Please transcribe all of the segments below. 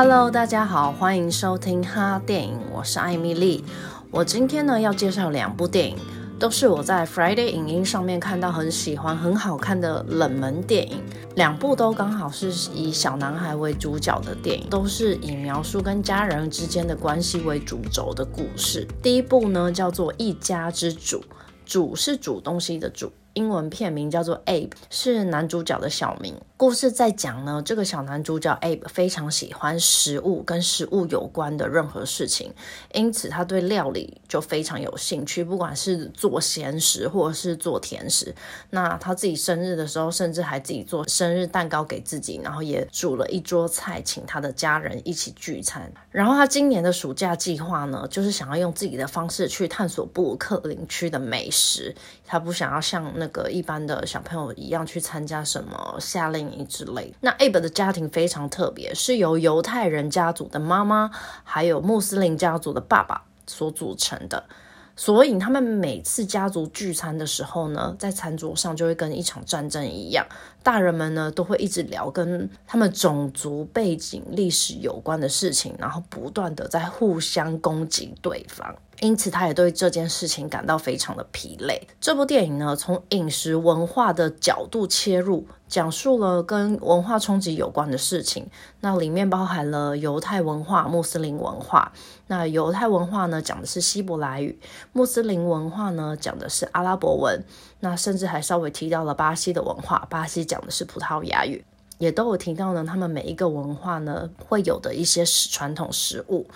Hello，大家好，歡迎收聽哈電影，我是艾蜜莉。我今天呢要介紹兩部電影，都是我在 Friday 影音上面看到很喜歡、很好看的冷門電影。兩部都剛好是以小男孩為主角的電影，都是以描述跟家人之間的關係為主軸的故事。第一部呢叫做《一家之煮》，煮是煮東西的煮，英文片名叫做 Abe，是男主角的小名。故事在講呢，這個小男主角 Abe 非常喜歡食物、跟食物有關的任何事情，因此他對料理就非常有興趣，不管是做鹹食或者是做甜食。那他自己生日的時候，甚至還自己做生日蛋糕給自己，然後也煮了一桌菜，請他的家人一起聚餐。然後他今年的暑假計劃呢，就是想要用自己的方式去探索布魯克林區的美食。他不想要像那個一般的小朋友一樣去參加什麼夏令。之類，那 Abe 的家庭非常特別，是由猶太人家族的媽媽，還有穆斯林家族的爸爸所組成的，所以他們每次家族聚餐的時候呢，在餐桌上就會跟一場戰爭一樣，大人們呢，都會一直聊跟他們種族背景、歷史有關的事情，然後不斷的在互相攻擊對方。因此，他也對這件事情感到非常的疲累。這部電影呢，從飲食文化的角度切入，講述了跟文化衝擊有關的事情。那裡面包含了猶太文化、穆斯林文化。那猶太文化呢，講的是希伯來語；穆斯林文化呢，講的是阿拉伯文。那甚至還稍微提到了巴西的文化，巴西講的是葡萄牙語。也都有提到呢，他們每一個文化呢，會有的一些傳統食物。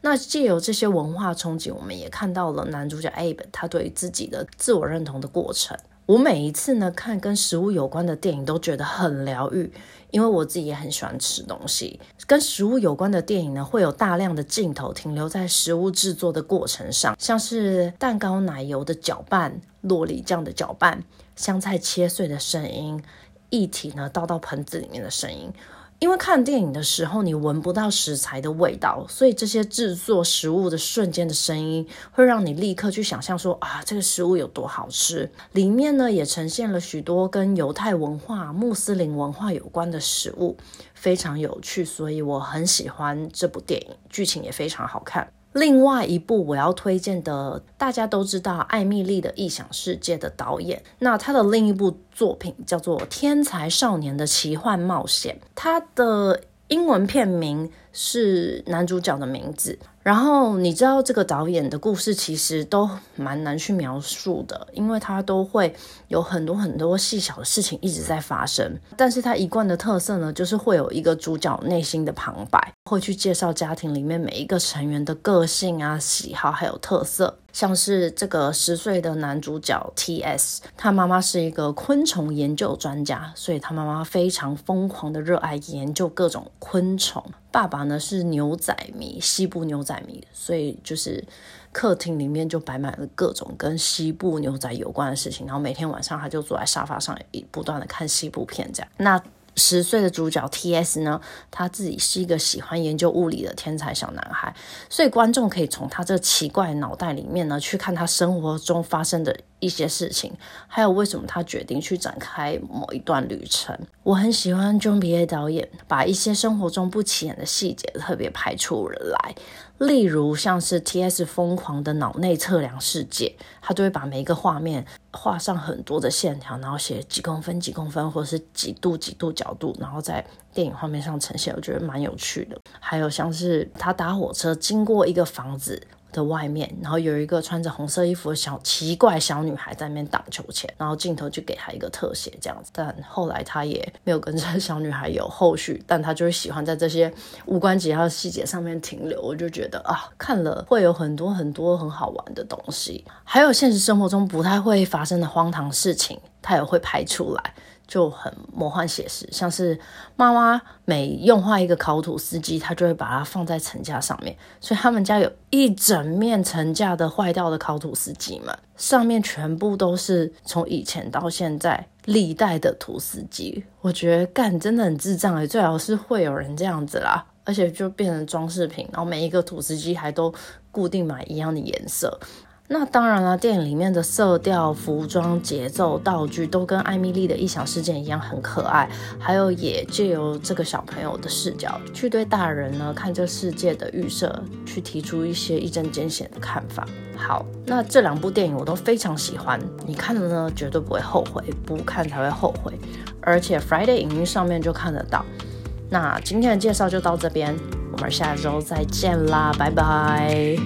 那借由這些文化憧憬，我們也看到了男主角 Abe 他對於自己的自我認同的過程。我每一次呢看跟食物有關的電影，都覺得很療癒，因為我自己也很喜歡吃東西。跟食物有關的電影呢，會有大量的鏡頭停留在食物制作的過程上，像是蛋糕奶油的攪拌、酪梨醬的攪拌、香菜切碎的聲音。液體呢倒到盆子裡面的聲音，因為看電影的時候你聞不到食材的味道，所以這些制作食物的瞬間的聲音會讓你立刻去想象說啊這個食物有多好吃。裡面呢也呈現了許多跟猶太文化、穆斯林文化有關的食物，非常有趣，所以我很喜歡這部電影，劇情也非常好看。另外一部我要推薦的，大家都知道《艾蜜莉的異想世界》的導演，那他的另一部作品叫做《天才少年的奇幻冒險》，他的英文片名是男主角的名字。然後你知道這個導演的故事其實都蠻難去描述的，因為他都會有很多很多細小的事情一直在發生，但是他一貫的特色呢，就是會有一個主角內心的旁白。會去介紹家庭裡面每一個成員的個性啊、喜好還有特色，像是這個十歲的男主角 T.S，他媽媽是一個昆蟲研究專家，所以他媽媽非常瘋狂的熱愛研究各種昆蟲。爸爸呢是牛仔迷，西部牛仔迷，所以就是客廳裡面就擺滿了各種跟西部牛仔有關的事情。然後每天晚上他就坐在沙發上，一不斷的看西部片這樣。那十歲的主角 T.S 呢，他自己是一個喜歡研究物理的天才小男孩，所以觀眾可以從他這奇怪腦袋裡面呢，去看他生活中發生的一些事情，還有為什麼他決定去展開某一段旅程。我很喜歡 Jeunet 導演把一些生活中不起眼的細節特別拍出來。例如像是 T.S 瘋狂的腦內測量世界，他就會把每一個畫面畫上很多的線條，然後寫幾公分幾公分，或者是幾度幾度角度，然後在電影畫面上呈現，我覺得蠻有趣的。還有像是他搭火車經過一個房子的外面，然後有一個穿着紅色衣服的小奇怪小女孩在那邊打鞦韆，然後鏡頭就給她一個特寫這樣子。但後來她也沒有跟這個小女孩有後續，但她就是喜歡在這些無關緊要的細節上面停留。我就覺得啊，看了會有很多很多很好玩的東西，還有現實生活中不太會發生的荒唐事情，她也會拍出來。就很魔幻寫實，像是媽媽每用壞一個烤吐司機，她就會把它放在層架上面，所以他們家有一整面層架的壞掉的烤吐司機嘛，上面全部都是從以前到現在歷代的吐司機。我覺得幹真的很智障欸，最好是會有人這樣子啦，而且就變成裝飾品，然後每一個吐司機還都固定買一樣的顏色。那當然啦，電影裡面的色調、服裝、節奏、道具都跟《艾蜜莉的異想世界》一樣很可愛，還有也借由這個小朋友的視角去對大人呢看這世界的預設，去提出一些一針見血的看法。好，那這兩部電影我都非常喜歡，你看了呢絕對不會後悔，不看才會後悔。而且 Friday 影音上面就看得到。那今天的介紹就到這邊，我們下周再見啦，拜拜。